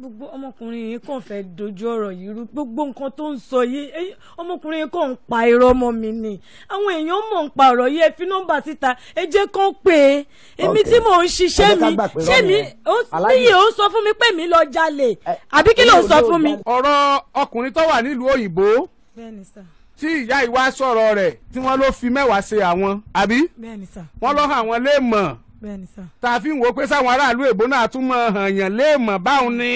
gbogbo ọmọkùnrin yìí kàn fẹ́ dojú ọ̀rọ̀ yìí rú gbogbo nǹkan tó ń sọ yìí ọmọkùnrin yìí kàn ń pa irọ́ ọmọ mi ni àwọn èèyàn mọ̀ ń pa ọ̀rọ̀ yìí ẹ fi nọ́mbà síta ẹ jẹ́ kán pé èmi tí mò ń ṣiṣẹ́ mi ṣé mi níyì ó sọ fún mi pé mi lọ jalè àbí kí ló sọ fún mi. ọ̀rọ̀ ọkùnrin tó wà nílùú òyìnbó tí ìyá ìwà sọ̀rọ̀ rẹ̀ tí wọ́n ló fi mẹ́wàá tààfin wo pé sáwọn aráàlú èbó náà tún mọ hànyàn léèmọ̀ báwọn ni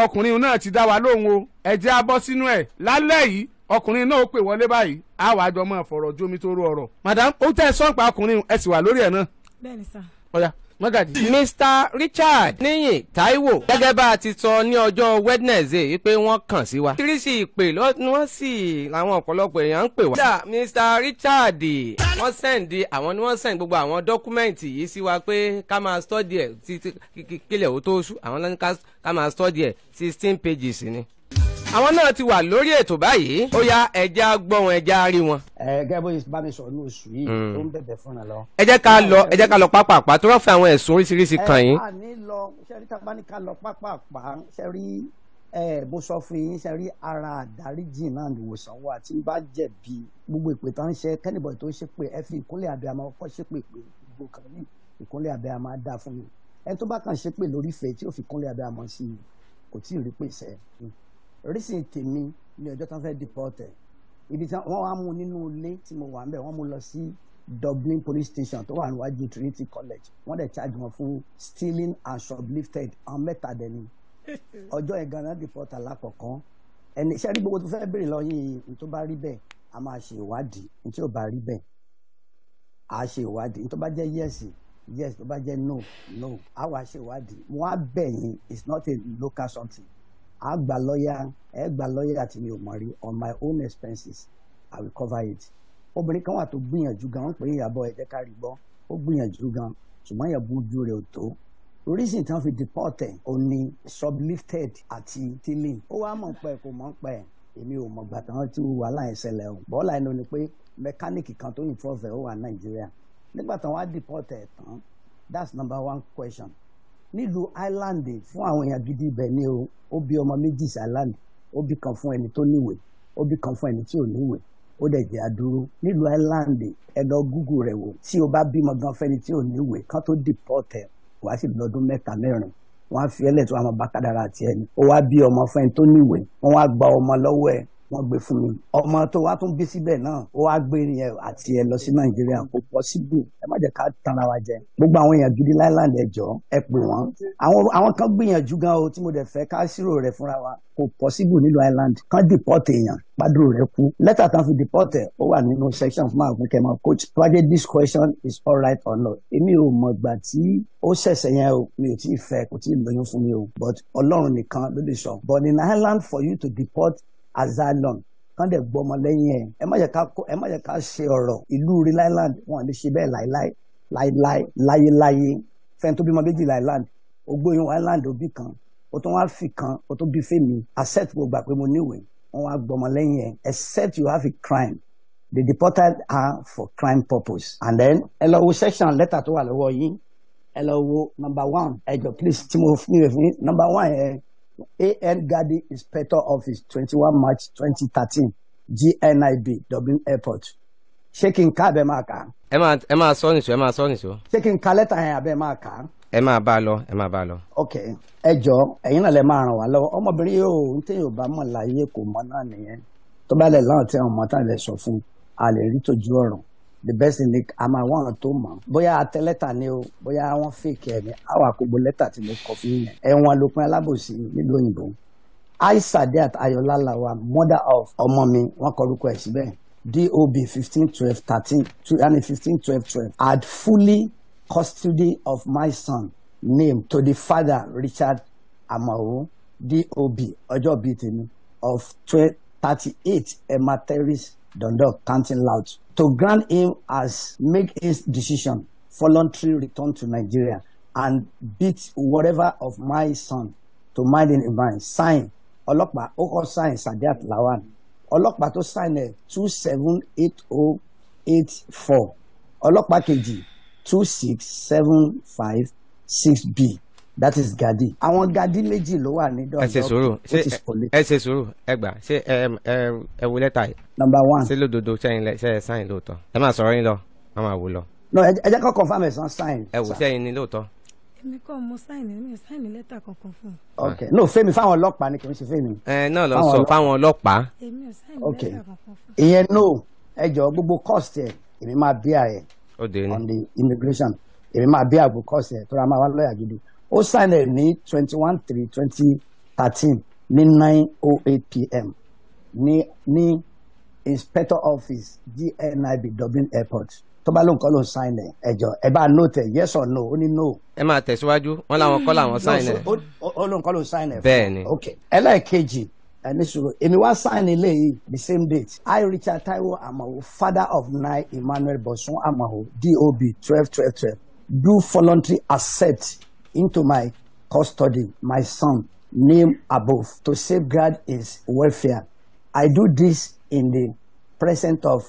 ọkùnrin náà ti dá wa lóhùn o ẹ jẹ́ sínú ẹ̀ lálẹ́ yìí ọkùnrin náà ó pè wọlé báyìí á wàá jọ mọ́ ọ̀fọ̀rọ̀ jómi tó rú ọ̀rọ̀ madam ó tẹ́ ẹ sọ́ǹpa ọkùnrin ẹ sì wà lórí ẹ̀ náà. bẹ́ẹ̀ni sá. ọ̀ya. Mr Richard Níyìn Taiwo. gẹ́gẹ́ bá a ti sọ ní ọjọ́ Wednesday wípé wọ́n kàn sí wa. tírísì ìpè wọ́n sì làwọn ọ̀pọ̀lọpọ̀ èèyàn ń pè wá. Mr Richard wọ́n sẹ́ǹdì àwọn ni wọ́n sẹ́ǹdì gbogbo àwọn dọ́kúmẹ́ǹtì yìí sí wa pé ká máa stọ́dì ẹ̀ kílẹ̀ ó tó sú àwọn lọ́nà ká máa stọ́dì ẹ̀ sixteen pages ni àwọn náà ti wà lórí ètò báyìí ó yá ẹja gbọ́ wọn ẹja rí wọn. ẹ gẹ́gẹ́ bó bá mi sọ̀rọ̀ ní oṣù yìí tó hmm. ń bẹ̀bẹ̀ fúnra lọ. ẹ jẹ́ ká lọ ẹ jẹ́ ká lọ pápápá tó rọ́ fún àwọn ẹ̀sùn oríṣiríṣi kan yín. ẹ máa ní lọ sẹ́rí tábà ní ká lọ pápápá sẹ́rí ẹ bó sọ fún yín sẹ́rí ara àdáríjì náà ni ìwòsàn wà tí n bá jẹ̀bi gbogbo ìpè tó ń ṣe kẹ́nìbọ̀ tó ń ṣépè ẹ fi ìkúnlẹ̀ abiyamọ kọ́ ṣépè pé gbogbo kan ní ìkúnlẹ̀ abiyamọ á dá fún mi rísìn tèmi ní ọjọ́ tán fẹ́ dìpọ́tẹ̀ ibi tí wọ́n wá mú nínú ilé tí mo wà ń bẹ̀ wọ́n mú lọ sí Dublin police station tó wà níwájú Trinity College wọ́n dẹ̀ charge wọn fún stealing and shoplifted àwọn mẹ́ta dẹ̀ ni ọjọ́ yẹn gan-an dìpọ́tẹ̀ lákọ̀ọ́kan ẹni iṣẹ́ rí gbogbo tó fẹ́ bèrè lọ yín yìí tó bá rí bẹ́ẹ̀ a máa ṣe ìwádìí ní tí ò bá rí bẹ́ẹ̀ a ṣe ìwádìí ní tó bá jẹ́ yẹ́sì yes tó bá jẹ́ no no a wá ṣe ìwádìí mo wá bẹ̀ yín it's not a local something a gba lawyer. ẹ gba lawyer tí mi ò mọ̀ rí on my own expenses i will cover it obìnrin kan wà tó gbìyànjú gan wọn pè é ìyàbọ̀ ẹ jẹ́ ká rí gbọ́ ó gbìyànjú gan ṣùgbọ́n yẹn bójú rẹ̀ ò tó reason tí wọ́n fi deport ẹ̀ ò ní sublifted àti tilling ó wá mọ̀ pẹ́ kò mọ̀ pẹ́ èmi ò mọ̀ gbàtà wọn tí wàhálà yẹn ṣẹlẹ̀ o bọ́ọ̀là yẹn ló ní pé mẹkáníìkì kan tó involve ẹ̀ ó wà nàìjíríà nígbà tí wọ́n á deport ẹ̀ tán that's number one question nílùú Ireland fún àwọn èèyàn gidi ibẹ̀ ni o ó bí ọmọ méjì sí Ireland ó bí kan fún ẹni tó níwèé ó bí kan fún ẹni tí ò níwèé ó dẹ̀ jẹ́ àdúró nílùú Ireland ẹ lọ gúgù rẹ̀ wò tí o bá bímọ gan fẹ́ni tí ò níwèé kán tó deport ẹ̀ wàá sì lọ́dún mẹ́ta mẹ́rin wọ́n á fi ẹlẹ́tọ̀ àwọn bákàdára àti ẹni ó wá bí ọmọ fẹ́ni tó níwèé wọ́n wá gba ọmọ lọ́wọ́ ẹ̀ wọ́n gbé fún mi ọmọ tó wá tún bí síbẹ̀ náà ó wá gbé yẹn àti ẹ lọ sí nàìjíríà kò possible ẹ má jẹ́ ká tanra wa jẹ gbogbo àwọn èèyàn gidi láìláńd ẹjọ ẹ pè wọ́n àwọn kan gbìyànjú gan o tí mo dẹ̀ fẹ́ ká ṣírò rẹ̀ fúnra wa kò possible nílùú island kan deport èèyàn gbàdúrò rẹ̀ kú lẹ́tà kan fi deport ẹ̀ ó wà nínú section fún àwọn akẹ́kẹ́ coach tọ́jú this question is right or not èmi ò mọ̀ gbà tí ó ṣẹ̀ṣẹ̀ yẹn o mi ò tí ì fẹ́ kò tí ì lóyún fún mi o but ọlọ́run nìkan ló lè sọ but in island for you to deport azalon kán dẹ̀ gbọ́ ọmọ lẹ́yìn ẹ̀ ẹ má yẹ ká ẹ má yẹ ká ṣe ọ̀rọ̀ ìlú real island wọn lè ṣe bẹ́ẹ̀ láéláé láéláé láyéláyé fẹ́ni tó bímọ méjìlá island ogbó yín island òbí kan o tó wá fi kan o tó bí fèmí accept mo gbà pé mo níwèé wọn wá gbọ́ ọmọ lẹ́yìn except you have a crime they deported her for crime purpose and then ẹ lọ wo section letter tó wà lọ́wọ́ yín ẹ lọ wo number one ẹ jọ please tí mo fi mi rẹ̀ fún yín number one yẹn. Eh, A.N. Gadi, Inspector Office, 21 March 2013, GNIB, Dublin Airport. ṣé kí n ká abẹ́ máa kà á. ẹ máa ẹ máa sọ nìṣó ẹ máa sọ nìṣó. ṣé kí n ka lẹ́tà yẹn abẹ́ máa kà á. ẹ máa bá a lọ ẹ máa bá a lọ. ok ẹ jọ ẹ̀yin náà lè máa ràn wá lọ́wọ́ ọmọbìnrin yóò ń tẹ̀yìn ò bá mọ̀ láyé kò mọ̀ náà nìyẹn tó bá lẹ̀ láwọn tí àwọn ọmọ tá a lè sọ fún a lè the best thing ni a máa wọ́n ọ̀ràn tó mọ̀ bóyá atẹ lẹ́tà ni o bóyá wọ́n fèkì ẹ̀ ni àwọn àkógbò lẹ́tà tí mo kọ fún yẹn ẹ̀wọ̀n lópin alábòsí nílùú òyìnbó aisadat ayọ̀lá mother of ọmọ mi wọ́n kọ orúkọ ẹ̀ síbẹ̀ dob fifteen twelve thirteen two and fifteen twelve twelve had fully custody of my son name to the father richard amao dob ọjọ́ bíi tèmi of twelve thirty eight emma terrace dundalk Counting louth to grant him as make his decision, voluntary return to Nigeria, and beat whatever of my son to mind in mind. Sign ọlọ́pàá ó sign Sadiat Lawan ọlọ́pàá tó sign ẹ̀ two seven eight oh eight four ọlọ́pàá kejì two six seven five six b that is gadi àwọn gadi méjì ló wà ní dọ́ọ̀dọ́ ẹ ṣe sùúrù ẹ ṣe sùúrù ẹ gbà ṣe ẹ wo lẹ́tà yìí. number one ṣe lódodo sẹ́yìn sẹ́yìn sáyìn lóòótọ́ ẹ máa sọ̀rọ̀ yín lọ a máa wò lọ. no ẹ jẹ́ kó confirm ẹ̀sán sáyìn. ẹ wò sẹ́yìn ni lóòótọ́. èmi kọ́ mo sáyìn mi sáyìn mi lẹ́tà kankan fún un. ok no fẹ́mi fáwọn ọlọ́pàá ni kì í ṣe fẹ́mi. ẹ náà lọ sọ fáwọn ọlọ́pàá. èmi ò sáyìn lẹ́tà kankan fún no ẹ jọ gbogbo cost ẹ èmi máa on the immigration èmi máa bí àgbo cost ẹ tó ra máa wá ó sign ẹ̀ ní twenty one three twenty thirteen ní nine oh eight pm ní ní inspector office dnib dublin airport tó bá lóun kọ́ ló ń sign ẹ̀ ẹ̀jọ̀ ẹ̀ bá note ẹ̀ yes or no ó ní no. ẹ máa tẹ̀síwájú wọn làwọn kọ́ làwọn sign ẹ̀. ó lóun kọ́ ló ń sign ẹ̀. bẹ́ẹ̀ni ok ẹlẹ́ẹ̀kejì ẹni èmi wá sáìnì léyìí the same date i richard taiwo amaho father of nine emmanuel bosun amaho dob twelve twelve twelve do voluntary accept into my custody my son name above to safeguard his welfare. I do this in the presence of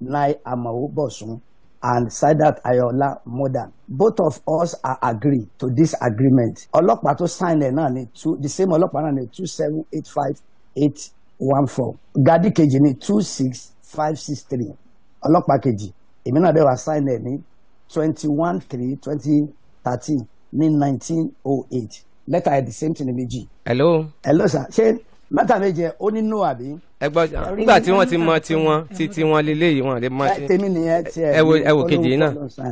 Nai Amao and Sadat Ayola Modan. Both of us are agree to this agreement. Ọlọ́pàá tó sign ẹ̀ náà two the same ọlọ́pàá náà two seven eight five eight one four. Gadi kejì ni two six five six three. Ọlọ́pàá kejì èmi náà bẹ́ẹ̀ wá sign ẹ̀ ní twenty one three twenty thirteen ní 1908 lẹ́tà ẹ̀ the same thing méjì. hello. hello sir ṣé mẹ́ta méje ó ní no àbí ẹgbọ́n nígbà tí wọ́n ti mọ tiwọn tí tiwọn lélẹ́ yìí wọ́n lè mọ ṣe ẹ wo ẹ wo kejì náà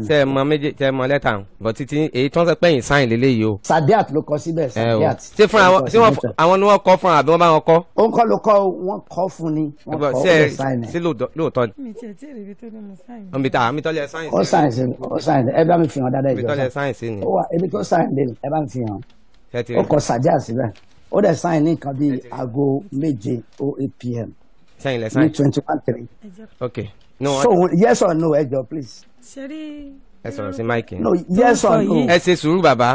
tẹ ẹ mọ méje tẹ ẹ mọ lẹ́tà ń bọ̀ títí èyí tí wọ́n sọ pé yìí sáyìn lélẹ́ yìí o. sadiat ló kọ síbẹ̀ sadiat. ṣé fún àwọn ṣé wọn àwọn ni wọn kọ fún àbí wọn bá wọn kọ. ó ń kọ́ ló kọ́ wọn kọ́ fún ni wọn kọ́ ó lè sáyìn ẹ̀. ṣé lóòótọ́ ni. mi tiẹ̀ tí èrè ibi tó ní mo sáyìn. ọmọ ìta àmì ó dẹ̀ sáyìn ní nǹkan bíi aago méje o pm sáyìn lẹ sáyìn ní twenty one three ok no so yes or no ẹ jọ please. ṣeré ẹ sọ̀rọ̀ sí máìkì. no yes or no. ẹ ṣe sùúrù bàbá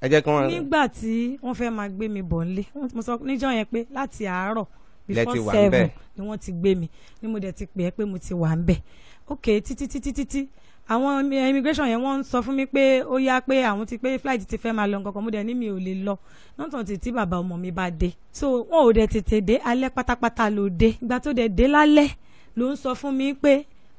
ẹ jẹ́ kí wọ́n. nígbà tí wọ́n fẹ́ máa gbé mi bọ̀ nílé mo sọ níjọ́ yẹn pé láti àárọ̀ before seven ni wọ́n ti gbé mi ni mo dẹ̀ ti pè é pé mo ti wà ń bẹ̀ ok títí títí títí àwọn immigration yẹn wọ́n ń sọ fún mi pé ó yá pé àwọn ti pé flight ti fẹ́ máa lọ nǹkan kan mo dẹ̀ ní mi ò lè lọ nọ́tàn tí tí bàbá ọmọ mi bá dé so wọn ò dẹ̀ tètè dé alẹ́ pátápátá ló dé ìgbà tó dẹ̀ dé lálẹ́ ló ń sọ fún mi pé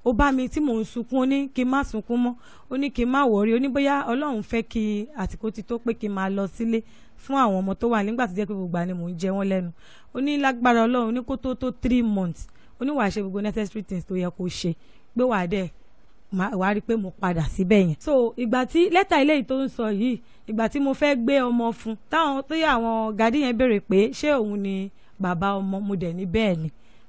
ó bá mi tí mò ń sunkún ó ní kí n má sunkún mọ́ ó ní kí n má wọrí ó ní bóyá ọlọ́run fẹ́ kí àsìkò ti tó pé kí n máa lọ sílé fún àwọn ọmọ tó wà nígbà tó jẹ́ gbogbo àni ń jẹ wọ́n lẹ́nu ó ní lágbára ọlọ́run ní kó tó tó three months ó ní wàá ṣe gbogbo necessary things tó yẹ kó ṣe gbé wàá dẹ̀ wàá rí i pé mo padà síbẹ̀ yẹn. so ìgbà tí lẹ́tà ilé yìí tó ń sọ yìí ìgbà tí mo fẹ́ gbé ọmọ fún táwọn tó yẹ àwọn gàdí yẹn béèrè pé ṣé òun ni bàbá ọmọ mo dẹ̀ ní bẹ́ẹ̀ ni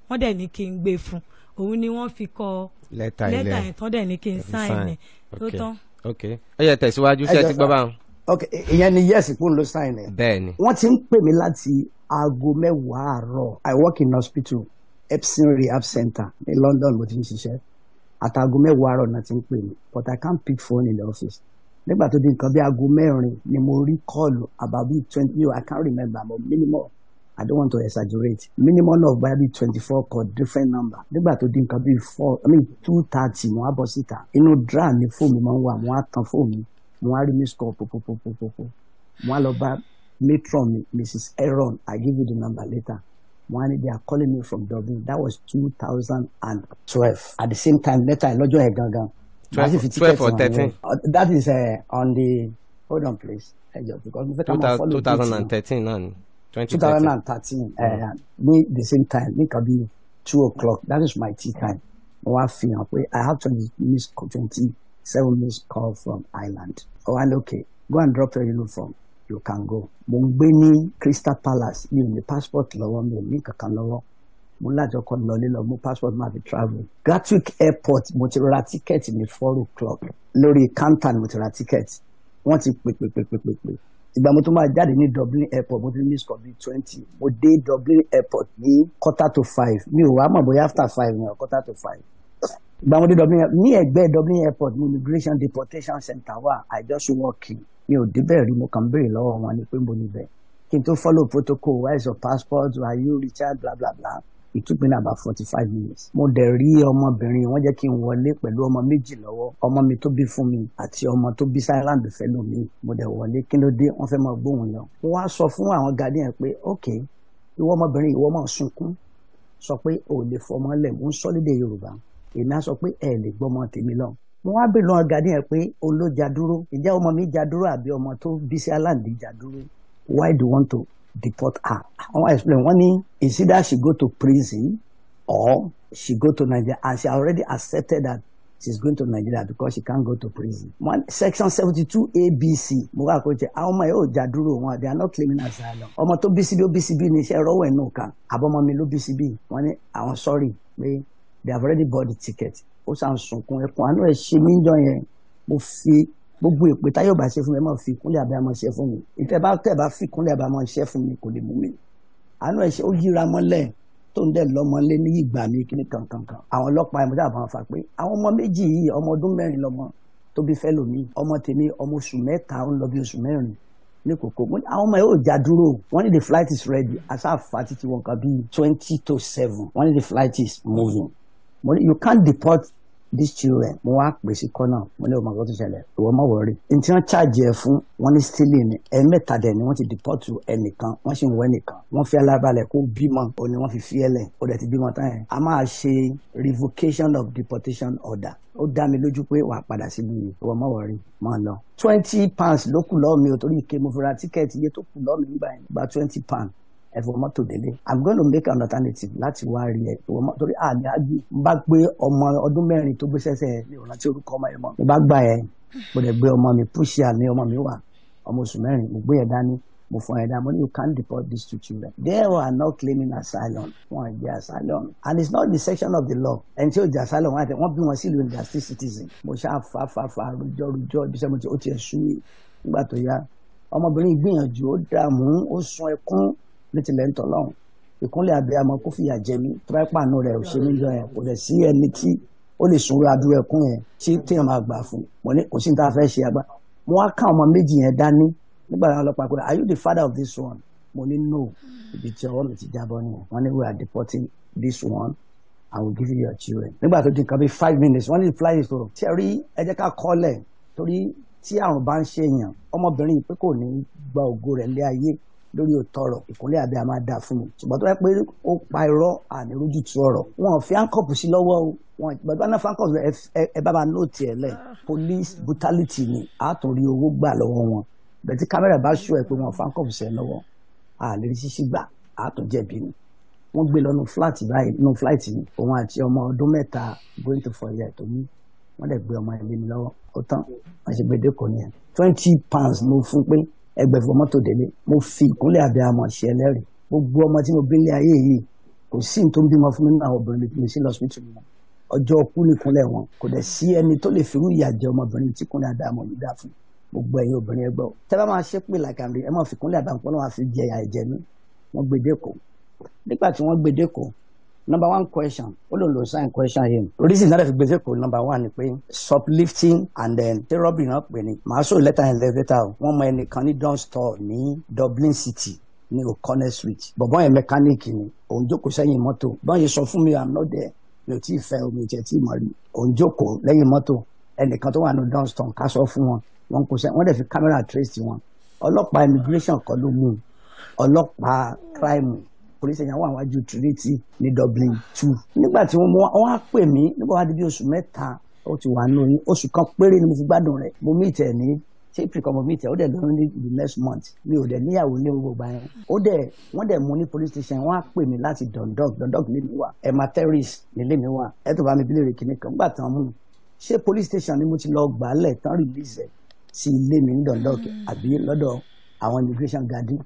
wọ́n dẹ̀ ní kí n gbé fún òun ni wọ́n fi kọ lẹ́tà yẹn tán dẹ̀ ní kí n sáìn ẹ̀ tó tán. ok ẹ yẹ tẹ̀síwájú sí ẹ ti gbọ́ báwọn. ok ìyẹn ni yẹ́sì kún ló sáìn ẹ̀. bẹ́ẹ̀ ni. wọ́n ti ń pè mí láti aago mẹ́wàá àárọ̀ I work in hospital Epsom Rehab Center ní London mo ti ń ṣiṣẹ́ àtàgò mẹ́wàá àárọ̀ náà ti ń pè mí but I can't pick phone in the office nígbà tó di nǹkan bí aago mẹ́rin ni mo rí kọ́ọ̀lù àbábí twenty I can't remember but minimum I don't want to exaggerate minimum of báyìí twenty four call different number nígbà tó di nǹkan bí four I mean two thirty mo á bọ́ síta inú dra ni fóònù mi máa ń wà mo á tan fóònù mo á rí miss call popopopopo mo á lọ bá matron Mrs. Aaron I give you the number later wọ́n they are calling me from Dublin that was two thousand and twelve at the same time later lọ́jọ́ yẹn gangan twelve twelve or thirteen uh, that is uh, on the hold on please because mo fẹ́ ká máa follow two thousand and thirteen twenty two thousand and thirteen uh, mm-hmm. ní the same time ní can be two o'clock that is my tea time mo wá I have twenty minutes twenty seven minutes call from Ireland oh and okay go and drop your uniform you can go mo ń gbé ní Crystal Palace mi ò ní passport lọ́wọ́ mi ò ní kankan lọ́wọ́ mo láti ọkọ lọlé lọ mú passport máa fi travel Gatwick airport mo ti ra tíkẹ́ẹ̀tì ní four o'clock lórí counter ni mo ti ra tíkẹ́ẹ̀tì wọ́n ti pè pè pè pè pè pè ìgbà mo tó máa jáde ní Dublin airport mo ti ní score bíi twenty mo dé Dublin airport ní quarter to five mi ò wá mọ̀ bóyá after five ni or quarter to five ìgbà mo dé Dublin ní ẹ̀gbẹ́ Dublin airport ní immigration deportation center wa. I just walk in mi ò débẹ̀ rí mo kàn béèrè lọ́wọ́ wọn ni pé mo níbẹ̀ kí n tó follow protocol where is your passport are you Richard bla bla bla it took me about forty five minutes. mo dẹ̀ rí ọmọbìnrin wọ́n jẹ́ kí n wọlé pẹ̀lú ọmọ méjì lọ́wọ́ ọmọ mi tó bí fún mi àti ọmọ tó bí silent fẹ́ lómi mo dẹ̀ wọlé kí ló dé wọ́n fẹ́ máa gbóhùn lọ. mo wá sọ fún àwọn guardian pé ok ìwọ ọmọbìnrin ìwọ máa sunkún sọ pé ò lè fọmọ lẹ̀ mo ń Yorùbá èmi sọ pé ẹ lè gbọ́mọ tèmi lọ ẹ̀ pé ọmọ mi àbí ọmọ tó why do you want to deport her àwọn explain wọ́n ní is that she go to prison or she go to Nigeria and she already accepted that she's going to Nigeria because she can't go to prison. One, section seventy-two ABC mo wá kó jẹ àwọn ọmọ yóò já wọn they are not claiming asylum. ọmọ tó bísí bí ó bísí bí ní iṣẹ́ rọ́wọ́ ẹ̀ náà kan àbọ̀mọ́ mi ló bísí bí wọ́n ní àwọn sorry pé they have already bought the ticket ó sàn sunkún ẹkùn àánú ẹ ṣe mí jọ yẹn mo fi gbogbo èpè táyọ̀ bá ṣe fún mi ẹ máa fi kúnlẹ̀ àbámọ̀ ṣe fún mi ìtẹ́ bá tẹ̀ bá fi kúnlẹ̀ àbámọ̀ ṣe fún mi kò lè mú mi àánú ẹ ṣe ó yíra mọ́lẹ̀ tó ń dẹ̀ lọ́mọlé ní ìgbà mi kí ni kankankan àwọn ọlọ́pàá ẹ̀ mo dábàá wọn fà pé àwọn ọmọ méjì yìí ọmọ ọdún mẹ́rin lọ́mọ tó bí fẹ́ lòmí ọmọ tèmi ọmọ oṣù mẹ́ta ó ń lọ bí oṣù mẹ́rin ní kòkó àwọn ọmọ yóò já dúró wọ́n ní the flight is ready asáfà títí wọn kan bíi twenty to seven wọ́n ní the flight is moving you can't deport these children mo wá pè sí kọ́nà mo ní ọmọ kan tó ṣẹlẹ̀ ìwọ mọ̀ wọ́n rí n tí wọ́n charge ẹ̀ fún wọn ní stealing ni ẹ̀ẹ́mẹ́ta dẹ̀ ni wọ́n ti deport ẹnìkan wọ́n sì ń wọ ẹnìkan wọ́n fi alábalẹ̀ kó bímọ ò ní wọ́n fi fi ẹlẹ̀ ó dẹ̀ ti bímọ tán yẹn a máa ṣe revocation of deportation order ó dá mi lójú pé wàá padà síbi ìwọ mọ̀ wọ́n rí máa lọ twenty pounds ló kù lọ́ọ̀ mi ò torí ike mo fura tíkẹ́ẹ̀tì iye tó kù lọ́ọ̀ mi nígbà yẹn gba twenty pounds ẹ̀fọ́ mọ́tò délé i'm going to make an alternative láti wá rí ẹ ìwọ mọ́tò torí àmì àgbì n bá gbé ọmọ ọdún mẹ́rin tó gbé sẹ́sẹ̀ ìrọ̀lá tí orúkọ ọmọ yẹn mọ́ mo bá gbà ẹ mo dẹ̀ gbé ọmọ mi púṣì àmì ọmọ mi wà ọmọ oṣù mẹ́rin mo gbé ẹ dání mo fọ ẹ̀dá mo ní you can't deport these two children they were not claiming asylum wọn ò jẹ asylum and it's not the section of the law ẹni tí ó jẹ asylum wọn àti wọn bí wọn sí ìlú industry citizen mo ṣáà fa fa fa rojọ rojọ ibi sẹ́mi tí ó ti ẹ̀ sú mi nígbà tó yá ọmọbìnrin gbìyànjú ó dààmú ó sun ẹkún ní tilẹ̀ ń tọ́lọ́hún ìkúnlẹ̀ abiyamọ kó fìyà jẹ mí tó rẹ̀ òṣè yọ yẹn kò dẹ̀ sí ẹni tí ó lè sunwó adúrú ẹkún yẹn tí téèyàn máa gbà fún mo ní kò sí ní tá ṣe agbá mo wá ká ọmọ méjì yẹn dání nígbà tí wọn lọ́pàá kúrò are you the father of this one mo ní no ibi tí ọwọ́ mi ti jábọ́ nìyẹn wọ́n ní we are deporting this one and we give you your children nígbà tó di nǹkan bíi five minutes wọ́n ní fly is to tí ẹ rí ẹ jẹ́ ká kọ́lẹ̀ torí tí àrùn bá ń ṣe èèyàn ọmọbìnrin pé kò ní gba ògo rẹ̀ lé ayé lórí òótọ́ ọ̀rọ̀ ìkúnlẹ̀ àbí a máa dà fún un ṣùgbọ́n tó yẹ pé ó pa irọ́ ànírójú tu ọ̀rọ̀ wọn fi áńkọ̀pù sí lọ́wọ́ o wọn ìgbàgbọ́ náà fáńkọ̀pù ẹ bá máa nóòtì ẹ lẹ̀ police brutality ni àtúnrí owó gbà lọ́wọ́ wọn bẹ̀tí kámẹ́rà bá ṣú ẹ pé wọn fáńkọ̀pù sẹ́ lọ́wọ́ àlè ṣíṣí gbà àtúnjẹ̀bi ni wọ́n gbé lọ nu flat báyìí nu flight ni òun àti ọmọ ọdún mẹ́ta going to four years tó ní lè gbé ọmọ ẹ̀mí mi lọ́wọ́ ó tán wọ́n ṣe gbèdéko nìyẹn twenty pounds ló fún pé ẹgbẹ̀fọ́ mọ́tò délé mo fi ìkúnlẹ̀ abiyamọ ṣe ẹlẹ́rìí gbogbo ọmọ tí mo bí ní ayé yìí kò sí ní tó ń bímọ fún mi nínú àwọn obìnrin mi sí lọ́sítù mi ọjọ́ kú nìkúnlẹ̀ wọn kò dẹ̀ sí ẹni tó lè firú ìyà jẹ ọmọbìnrin tí kúnlẹ̀ abiyamọ yìí dá fún gbogbo ẹ̀yin obìnrin ẹgbẹ́ o tẹ́ máa ṣe pé làkàndé ẹ number one question ó lòun ló sign question yìí reason náà fi gbèsè kò number one ni pé shoplifting and then therapy náà pè ní màá sọ lẹ́tà yẹn lẹ́tà o wọ́n mọ ẹnìkan ní don store ní Dublin City ní O'Connell Street bọ̀bọ́n yẹn mẹkáníìkì ni òun jókòó sẹ́yìn mọ́tò bọ́n yẹn sọ fún mi I'm not there mi ò tí ì fẹ́ omi ìjẹ́ tí ì mọ̀ rí òun jókòó lẹ́yìn mọ́tò ẹnìkan tó wà ní don store ká sọ fún wọn wọn kò sẹ́ wọ́n dẹ̀ fi camera trace wọn ọlọ́pàá immigration kọ́ ló mú ọlọ́pàá crime police station wà wájú trinity ní dublin two nígbà tí wọ́n wọ́n á pè mí nígbà wá di bí oṣù mẹ́ta ó ti wà nù yín oṣù kan péré ni mo fi gbádùn rẹ̀ mo mí ìtẹ̀ ní april kan mo mí ìtẹ̀ ó dẹ̀ lóyún ní the next month mi ò dẹ̀ níyàwó ní gbogbo ìgbà yẹn ó dẹ̀ wọ́n dẹ̀ mú ní police station wọ́n á pè mí láti dundalk dundalk nílé mi wà emma terrace nílé mi wà ẹ tó bá mi bílẹ̀ rẹ̀ kìnnìkan gbà tán mú ṣé police station ni mo ti lọ gbà á lẹ̀ tán release ẹ̀ sí ilé mi ní dundalk àbí lọ́dọ̀ àwọn immigration garden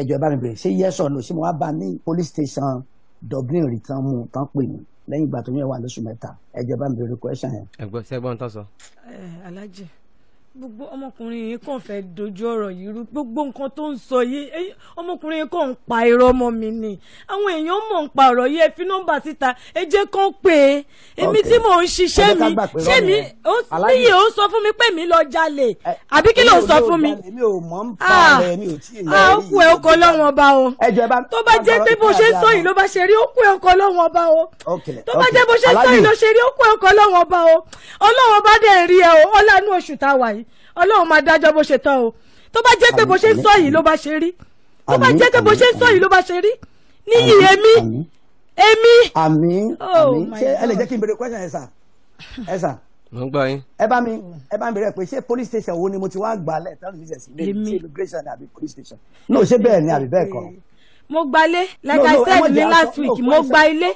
ẹjọ́ ẹ bá mi bèrè ṣé yẹ́sọ̀ lò ṣé mo wá bá ní police station Dublin rí tán mú tán pè mí lẹ́yìn ìgbà tó yẹn wà lóṣù mẹ́ta ẹjọ́ bá mi bèrè question yẹn. ẹgbẹ́ sẹ́gbọ́n tó sọ. ẹ alájì gbogbo ọmọkùnrin yìí kàn fẹ́ dojú ọ̀rọ̀ yìí rú gbogbo nǹkan tó ń sọ yìí ọmọkùnrin yìí kàn ń pa irọ́ ọmọ mi ni àwọn èèyàn mọ̀ ń pa ọ̀rọ̀ yìí ẹ fi nọ́mbà síta ẹ jẹ́ kán pè èmi tí mò ń ṣiṣẹ́ mi ṣé mi níyì ó sọ fún mi pé mi lọ jalè àbí kí ló sọ fún mi. Ah, mi ah, kú ẹ ọkọ lọ́wọ́n ọba o tó bá jẹ́ pé bó ṣe sọ yìí ló bá ṣe rí ó kú ẹ ọkọ lọ́wọ́n ọba o tó bá jẹ́ ọlọ́run máa dájọ́ bó ṣe tán o tó bá jẹ́ pé bó ṣe ń sọ yìí ló bá ṣe rí tó bá jẹ́ pé bó ṣe ń sọ yìí ló bá ṣe rí níyì èmi èmi. àmì oh ṣé ẹ lè jẹ́ kí n béèrè question ẹ sà ẹ sà. mo ń gbọ́ yín. ẹ bá mi ẹ bá mi béèrè pé ṣé police station wo ni mo ti wá gbà lẹ́ẹ̀tàn mi sẹ̀ sí ní immigration àbí police station. no ṣé bẹ́ẹ̀ ni àbí bẹ́ẹ̀ kọ́ mo gba ilé like i said ní last week mo gba ilé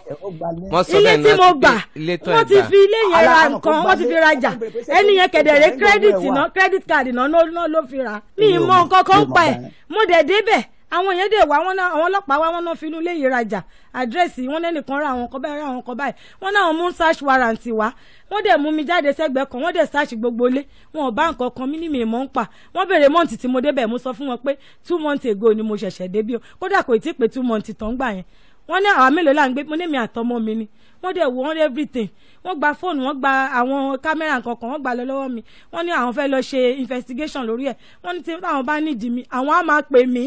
ilé tí mo gbà wọ́n ti fi ilé yẹn ra nǹkan wọ́n ti fi rajà ẹni yẹn kẹ̀dẹ̀rẹ̀ credit náà credit card náà ló fi ra mi ì mọ nǹkan kan pa ẹ̀ mo dẹ̀ débẹ̀ àwọn yẹn dè wá wọn náà àwọn ọlọ́pàá wá wọn náà fi inú ilé yìí rajà àdírẹ́sì wọn lẹ́nìkan ra àwọn kan báyìí ra àwọn kan báyìí wọn náà mú search warranty. wá wọn dẹ̀ mú mi jáde sẹ́gbẹ̀ẹ́ kan wọn dẹ̀ search gbogbo ilé wọn ò bá nǹkan kan mí ní mi mọ̀ ń pa wọn béèrè mọ́ǹtì tí mo débẹ̀ mo sọ fún wọn pé two months ago ni mo ṣẹ̀ṣẹ̀ débí o kódà kò tí ì pé two months tán gbà yẹn wọn ní àwọn mélòó là ń gbé mo ní mi àtọmọ mi ni wọ́n dẹ̀ wò wọ́n everything wọ́n gba fóònù wọ́n gba àwọn kámẹ́rà kankan wọ́n gba lọ lọ́wọ́ mi wọ́n ní àwọn fẹ́ lọ ṣe investigation lórí ẹ̀ wọ́n ní tí àwọn bá nídìí mi àwọn á máa pè mí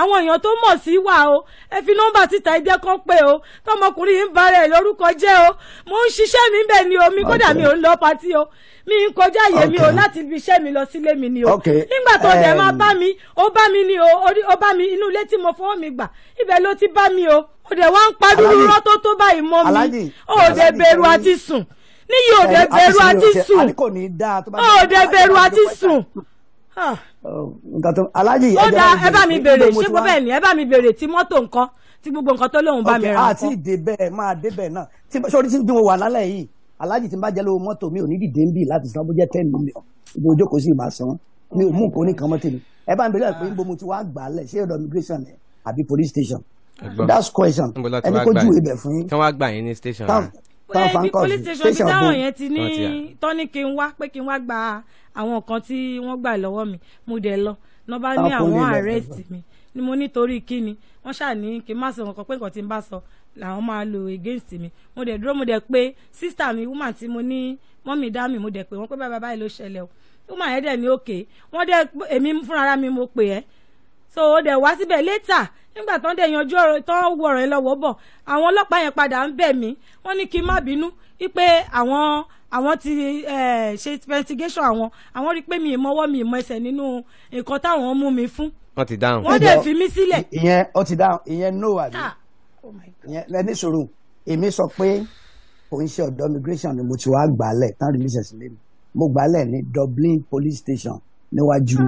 àwọn èèyàn tó mọ̀ sí wà o ẹ fi nọ́mbà síta ẹ jẹ́ kán pé o tọmọkùnrin yìí ń ba rẹ̀ lórúkọ jẹ́ o mo ń ṣiṣẹ́ mi bẹ́ẹ̀ ni o mi kódà mi ò ń lọ patí o mi ń kọjá àyè mi o láti ibi iṣẹ́ mi lọ sílé mi ni o nígbà tó dẹ̀ um, máa bá mi ó bá mi ni o ó bá mi inú ilé tí mo fọwọ́ mi gbà ibẹ̀ ló ti bá mi o ó dẹ̀ wá ń padúrú rọ́tó tó báyìí mọ́ mi ó dẹ̀ bẹ̀rù àti sùn níyì ó dẹ̀ bẹ̀rù àti sùn ó dẹ̀ àti sùn ó da ẹ bá mi bèrè ṣé bó bẹ́ẹ̀ ni ẹ bá mi bèrè tí mọ́tò nǹkan tí gbogbo nǹkan tó lóun bá mi rà nǹkan. àti ìdèbẹ̀ máa débẹ̀ náà tí sori tí mo wà lálẹ́ yìí alájì tí n bá jẹ́ lówó mọ́tò mi ò ní dìde ń bì láti san bó jẹ́ ten million ibi ojókòó sì máa san mi ò mú nǹkan oníkan mọ́ tèmi ẹ bá ń bèrè pé níbo mo ti wá gbà á lẹ̀ ṣé ọ̀dọ̀ immigration ẹ̀ àbí police station that's question ẹni kó júwe bẹ̀ fún yín. kí wọ́n á gbà yín ní station rẹ. táwọn fan kọ sí station bó. táwọn yẹn ti ní tọ́ni kí n wá pé kí n wá gba àwọn nǹkan tí wọ́n gbà lọ́wọ́ mi mo dẹ̀ lọ lọ́ bá ní àwọn arrest mi ni mo nítorí kí ni wọ́n ṣáà ní kí n má sọ nǹkan pé nǹkan tí n bá sọ làwọn máa lò against mi mo dẹ̀ dúró mo dẹ̀ pé sísítà mi woman tí mo ní mọ́mì dá mi mo dẹ̀ pé wọ́n pé báyìí báyìí ló ṣẹlẹ̀ o woman yẹn dẹ̀ ní òkè wọ́n dẹ̀ èmi fúnra mi mo pè ẹ́ so ó dẹ̀ wá síbẹ̀ létà nígbà tán dẹ̀ yanjú ọ̀rọ̀ tán wọ ọ̀rọ̀ yẹn lọ́wọ́ bọ̀ àwọn ọlọ́pàá yẹn padà ń bẹ̀ mí wọ́n ní kí n má bínú wípé àwọn àwọn ti ṣe investigation àwọn àwọn rí i pé mi ì mọwọ́ mi ì mọ ẹsẹ̀ nínú nǹkan táwọn mú mi fún. wọ́n ti dáhùn. wọ́n dẹ̀ fi mí sílẹ̀. ìyẹn ó ti dáhùn ìyẹn no àbí ah. ìyẹn lẹ́ni sòrò èmi sọ pé òun ṣe ọ̀dọ̀ immigration ni mo ti wá gbàálẹ̀ tán releases lé mi mo gbàálẹ̀ ní Dublin police station níwájú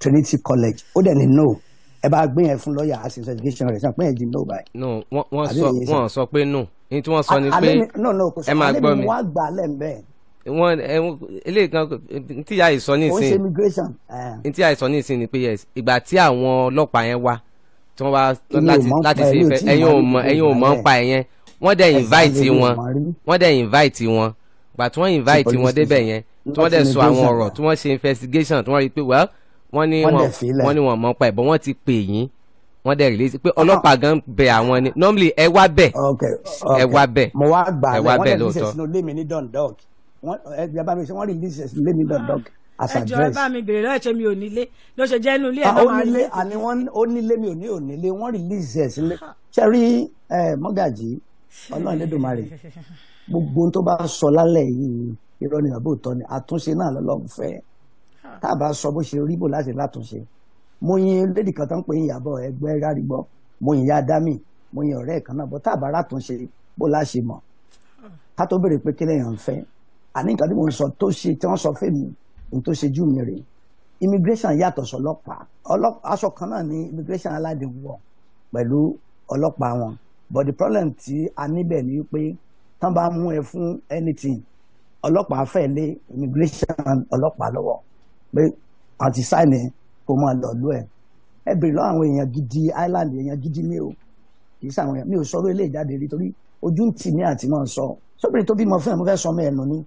Trinity College ó dẹ̀ ní no ẹ bá gbé yẹn fún lọ́ọ̀yà àti investigation rẹ̀ sàn pé yẹn jìnnà báyìí. no wọ́n sọ wọ́n sọ pé no ní tí wọ́n sọ ni pé ẹ máa gbọ́ mi wọ́n eléyìí kan tí a sọ nísìn eh. tí a sọ nísìn ni pé yes ìgbà tí àwọn ọlọ́pàá yẹn wá tí wọ́n bá láti ṣe ìfẹ́ ẹ̀yin ò mọ̀ ẹ̀yin ò mọ̀ ń pa ẹ̀yẹn wọ́n dẹ̀ invite wọn wọ́n dẹ̀ invite wọn gbà tí wọ́n invite wọn débẹ̀ yẹn tí wọ́n dẹ̀ sọ àwọn ọ̀rọ̀ tí wọ́n ṣe investigation tí wọ́n rí i pé well wọ́n ní wọ́n ní wọ́n mọ̀ pa ẹ̀ bọ́ wọ́n ti pè yín wọ́n dẹ̀ rìlẹ́sì pé ah. ọlọ́pàá gan bẹ àwọn ni normally ẹ wá bẹ̀ ẹ wá bẹ̀ mo wá gbà lẹ ẹjọ ẹ bá mi bèrè lọ́ọ̀ṣẹ́ mi ò nílé ló ṣe jẹ́ inú ilé ẹ̀ ah, máa rí. àní wọ́n ó nílé mi ò ní ò nílé release ẹ̀ sílé ah. ṣe rí mọ́gàjì ọlọ́run lẹ́dùnmarè gbogbo tó bá sọ lálẹ́ yìí irọ́ ni àbóòtọ́ ni àtúnṣe náà lọ́lọ́run fẹ́ Ah. tá a bá sọ bó ṣe rí bò láti látúnṣe mo yin lédì kan tó ń pè é Ìyàbọ̀ ẹgbẹ́ rárígbọ́ mo yin ya dami mo yin ọ̀rẹ́ kan náà bọ́ tá a bá látúnṣe bó láṣe mọ̀ ah. ká tó béèrè pé kílẹ̀ yàn fẹ́ àní nǹkan tí mo sọ tó ṣe tí wọ́n sọ fèmí ní tó ṣe jù mí rè immigration yàtọ̀ sọlọ́pàá aṣọ kan náà ni immigration aládé wọ̀ pẹ̀lú ọlọ́pàá wọn but the problem tí a níbẹ̀ ni pé tán bá mú ẹ fún anything ọlọ́pàá fẹ́ lé immigration ọlọ́pàá lọ́wọ́ pé àti sáìnì kò máa lọ lú ẹ ẹ bèrè lọ àwọn èèyàn gidi island èèyàn gidi ni o kì í sàwọn èèyàn mi ò sọ̀rọ̀ ilé ìjáde rí torí ojú ń tì mí àti máa sọ sóbìnrin tó bímọ fún ẹ mo fẹ́ sọmọ ẹnu ni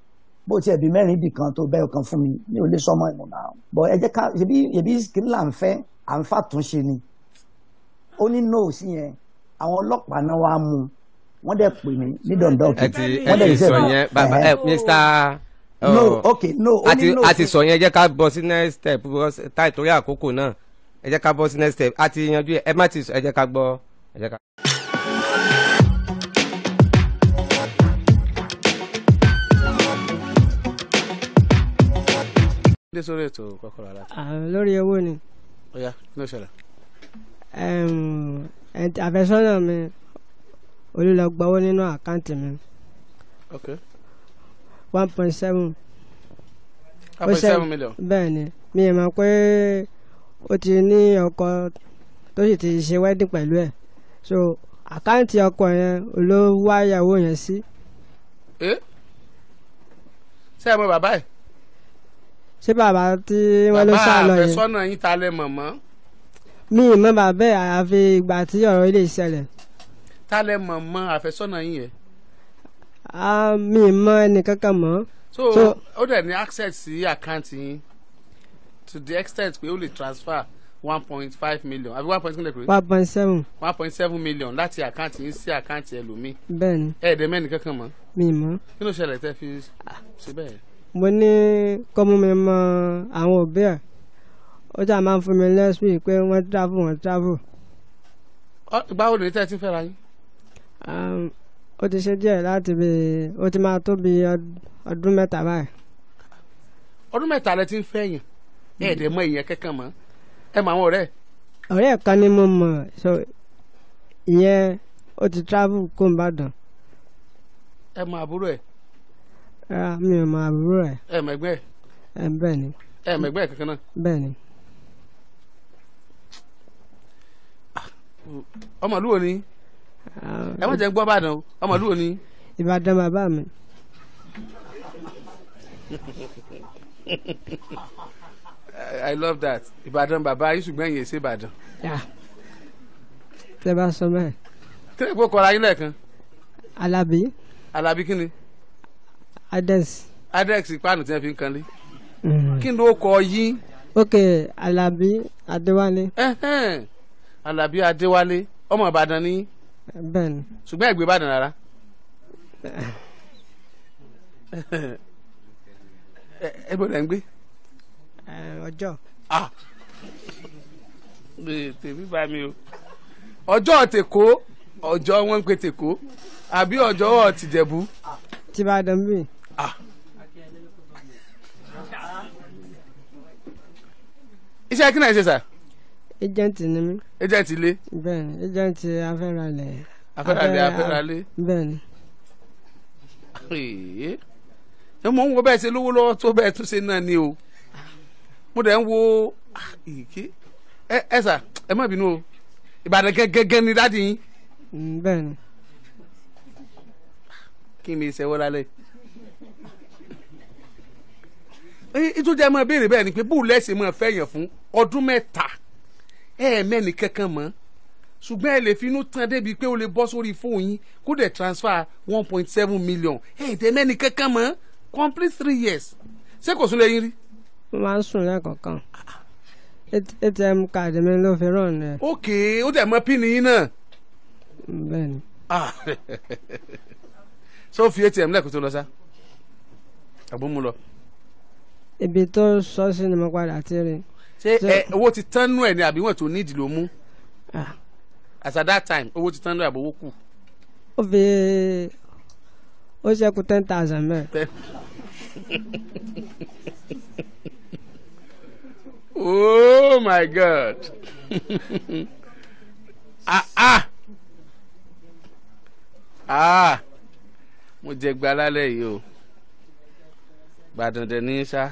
bó tiẹ̀ bí mẹ́rin bì kan tó bẹ́ẹ̀ kan fún mi mi ò lè sọmọ ẹnu náà bọ̀ ẹ jẹ́ ká yẹbi yẹbi kí n là ń fẹ́ à ń fàtúnṣe ni ó ní nóò sí yẹn àwọn ọlọ́pàá náà wàá mú un wọ́n pè mí ní dandan kí wọ́n dẹ̀ sẹ́yìn. ẹ ti sọ yẹn bàbá ẹ mr no oh. Okay. no Only. ní no a ti sọ yẹn ẹ jẹ́ ká bọ́ sí next step táì torí àkókò náà ẹ jẹ́ ká bọ́ sí next step a ti yanjú ẹ má ti sọ ẹ jẹ́ ká gbọ́ ẹ jẹ́ ká. dé sórí ètò kọ́kọ́rọ́ ara. lórí owó ni. ó yá kí ló ṣẹlẹ̀. àfẹ́sọ́nà mi olùlọ́gbọ́wọ́ nínú àkáǹtì mi. okay one point seven. one point seven million. bẹ́ẹ̀ ni mi ì mọ̀ pé ó ti ní ọkọ tó sì ti ṣe wedding pẹ̀lú ẹ̀ so àkáǹtì ọkọ yẹn ló wá ìyàwó yẹn sí. ẹ ṣé ẹ mọ̀ bàbá ẹ. ṣé bàbá tí wọ́n ló sá lọ yẹn. bàbá àfẹsọ́nà yín ta lẹ mọ̀ mọ́. mi ì mọ̀ bàbá ẹ àyàfi ìgbà tí ọ̀rọ̀ ilé ìṣẹ̀lẹ̀. ta lẹ mọ̀ mọ́ àfẹsọ́nà yín yẹn mi mọ ẹnìkankan mọ́. so ó dẹ̀ ní access sí àkáǹtì yín to the extent pé ó lè transfer one point five million àbí one point seven million. one point seven. one point seven million láti àkáǹtì yín sí àkáǹtì ẹlòmíì. bẹ́ẹ̀ni. ẹ̀ẹ́dẹ̀mẹ́ nìkankan mọ́. mi mọ́. kí ló ṣẹlẹ̀ tẹ́ fi ṣe bẹ́ẹ̀. mo ní kọ́mú mi mọ àwọn òbí ẹ̀ ó jà máa ń fún mi lẹ́sùn pé wọ́n travel wọ́n travel. báwo ni tẹ́ ẹ ti fẹ́ ra yín ó ti ṣe díẹ̀ láti bí ó ti máa tó bí ọdún mẹ́ta báyìí. ọdún mẹ́ta rẹ ti ń fẹ́ yàn ẹ̀ẹ́dẹ̀ mọ èèyàn kankan mọ́ ẹ mọ àwọn ọ̀rẹ́. ọ̀rẹ́ kan ni mo mọ̀ so ìyẹn ó ti travel kó n bá dàn. ẹ mọ àbúrò ẹ. rárá mi ò mọ àbúrò ẹ. ẹ mẹgbẹ́. ẹ bẹ́ẹ̀ ni. ẹ mẹgbẹ́ kankan náà. bẹ́ẹ̀ ni. ọmọlúwo ni ẹ má jẹ́ gbọ́ bàdàn o ọmọdúró ni. ìbàdàn bàbá mi. I love that ìbàdàn bàbá yìí ṣùgbọ́n èyí ṣe ìbàdàn. tẹ bá sọ bẹ́ẹ̀. kílẹ̀ kó kọra yín lẹ́ẹ̀kan. Alábí. Alábí kí ni. adex. adex ìpanu tí wọ́n fi ń kanlé. Mm. kí ni ó kọ yín. ok Alábí Adéwálé. Alábí Adéwálé ọmọ Ìbàdàn ni bẹ́ẹ̀ni. ṣùgbọ́n ẹ̀gbẹ́ ìbàdàn rárá. ẹ bọ̀dọ̀ ń gbé. ọjọ́. tèmi bá mi o ọjọ́ tèkó ọjọ́ wọn ń pe tèkó àbí ọjọ́ wọ̀ tìjẹ̀bú. tìbàdàn bíi. iṣẹ́ kí náà ṣe sà agent ni mí. agent ilé. bẹ́ẹ̀ni agent afẹ́ralẹ̀. afẹ́ralẹ̀ afẹ́ralẹ̀. bẹ́ẹ̀ni. ṣé mo ń wo bẹ́ẹ̀ ṣe lówó lọ́wọ́ tó bẹ́ẹ̀ tún ṣe náà ni o mo dẹ̀ ń wo ah, ẹ ẹ sà ẹ má bínú o ìbàdàn gẹ́gẹ́ ni dáàdi yín. Mm, bẹ́ẹ̀ni. kí mi ṣẹ́wọ́ lálẹ́ ìtújẹ́ mọ́ béèrè bẹ́ẹ̀ ni pé bóòlù ẹ̀sìn mọ́ fẹ́yàn fún ọdún mẹ́ta ẹ mẹ́ni kankan mọ́ ṣùgbọ́n ẹ lè finú tán débi pé ó lè bọ́ sórí fóònù yín kó dẹ̀ transfer one point seven million ẹ tẹ mẹ́ni kankan mọ́ complete three years ṣé kò sún lẹ́yìn rí. mo máa ń sùn lẹ́ẹ̀kọ̀ọ̀kan atm card mi ló fi ràn ní. ok ó dẹ̀ mọ pin yín náà. bẹ́ẹ̀ni. so ah. fi atm lẹ́ẹ̀kọ́ tó lọ sá àbúmu lọ. ibi tó sọ sí ni mo padà ti rí i ṣé ẹ owó ti tán nú ẹ ni àbí wọn tó nídìí ló mú as at that time owó ti tán nú ẹ àbówó kù. ó fi ó ṣẹ́kù ten thousand mẹ́ẹ̀. oh my god ah ah ah mo jẹ gba lálẹ́ yìí o gbàdàn dẹ̀ ní sá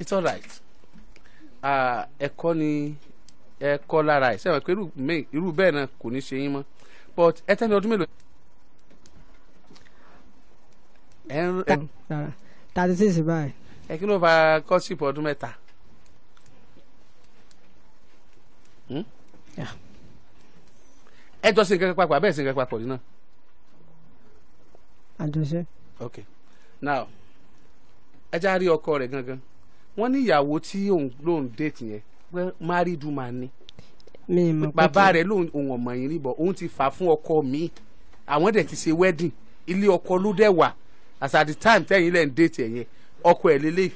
it's alright ẹkọ ni ẹkọ lára ẹ̀ sẹ́wọ̀n mee irú bẹẹ náà kò ní ṣe yín mọ́ but ẹ tẹ́ni ọdún mélòó. thirty six báyìí. ẹ kí ló fa kọ́sìpù ọdún mẹ́ta. Hmm? ẹ jọ sí nǹkan papọ̀ abẹ́ sí nǹkan papọ̀ yìí àjọṣe. ok now ẹ já rí ọkọ rẹ̀ gangan. wọ́n ní ìyàwó tí òun lòun date yẹn well married woman ni bàbá rẹ̀ lòun ọmọ yìí rí bọ̀ òun ti fà fún ọkọ mi àwọn dẹ̀ ti ṣe wedding ilé ọkọ ló dẹ̀ wà as at the time tẹ́yìn lẹ́ ń date ẹ̀ yẹn ọkọ ẹ̀ lélẹ̀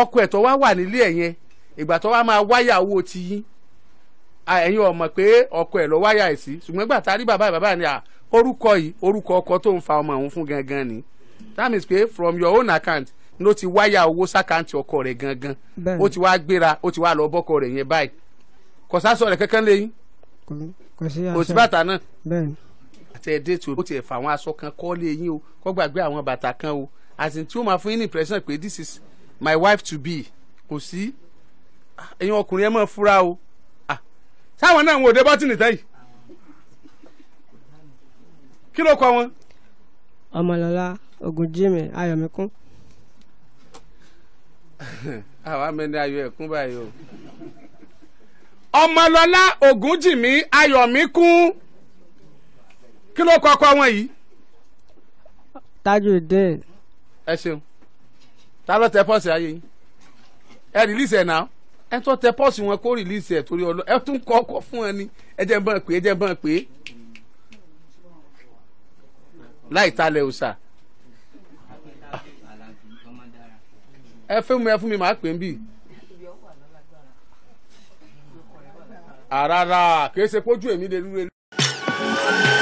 ọkọ ẹ̀ tó wá wà nílé ẹ̀ yẹn ìgbà tó wá máa wáyàwó ti yín ẹ̀yin ọmọ pé ọkọ ẹ̀ lọ wáyà ẹ̀ sí ṣùgbọ́n ìgbà tá a rí bàbá ẹ̀ bàbá ni à orúkọ yìí orúkọ ọkọ tó ń fa ọmọ òun fún gangan ni that means pé from your own account ló ti wáyà owó sákàǹtì ọkọ rẹ̀ gangan ó ti wá gbéra ó ti wá lọ bọ́kọ rẹ̀ yẹn báyìí kò sásọ rẹ̀ kankan lẹ́yìn kò sí bàtà náà àti ẹ̀dẹ́ tí o tiẹ̀ fà àwọn aṣọ kan kọ́ lẹ́yìn o kọ́ gbàgbé àwọn bàtà kan o àti tí ó máa fún yín ní impression pé this is my wife to be kò sí ah, ẹ̀yin ọkùnrin ẹ máa fura o ah, sáwọn náà wọn ò dé bọ́tìnì tẹ́yì kí ló kọ wọn. ọmọlọlá ogunjìmí ayọ̀míkún àwa mẹni ayọ̀ ẹkún báyìí o. ọmọlọlá ògúnjìmí ayọ̀míkún kí ló kọkọ wọn yìí. tajudeen. ẹ ṣeun ta ló tẹ pọ́ọ̀sì ayé yín ẹ rìlíìsì ẹ̀ náà ẹ tún tẹ pọ́ọ̀sì wọn kó rìlíìsì ẹ̀ torí ọlọ́ ẹ tún kọ́ ọkọ fún ẹ ní ẹ jẹ́ bọ́n pé ẹ jẹ́ bọ́n pé láì talẹ̀ òòsà. ẹ fún mi ẹ fún mi màá pè ń bì. àràrà kì í ṣe pójú èmi lè rú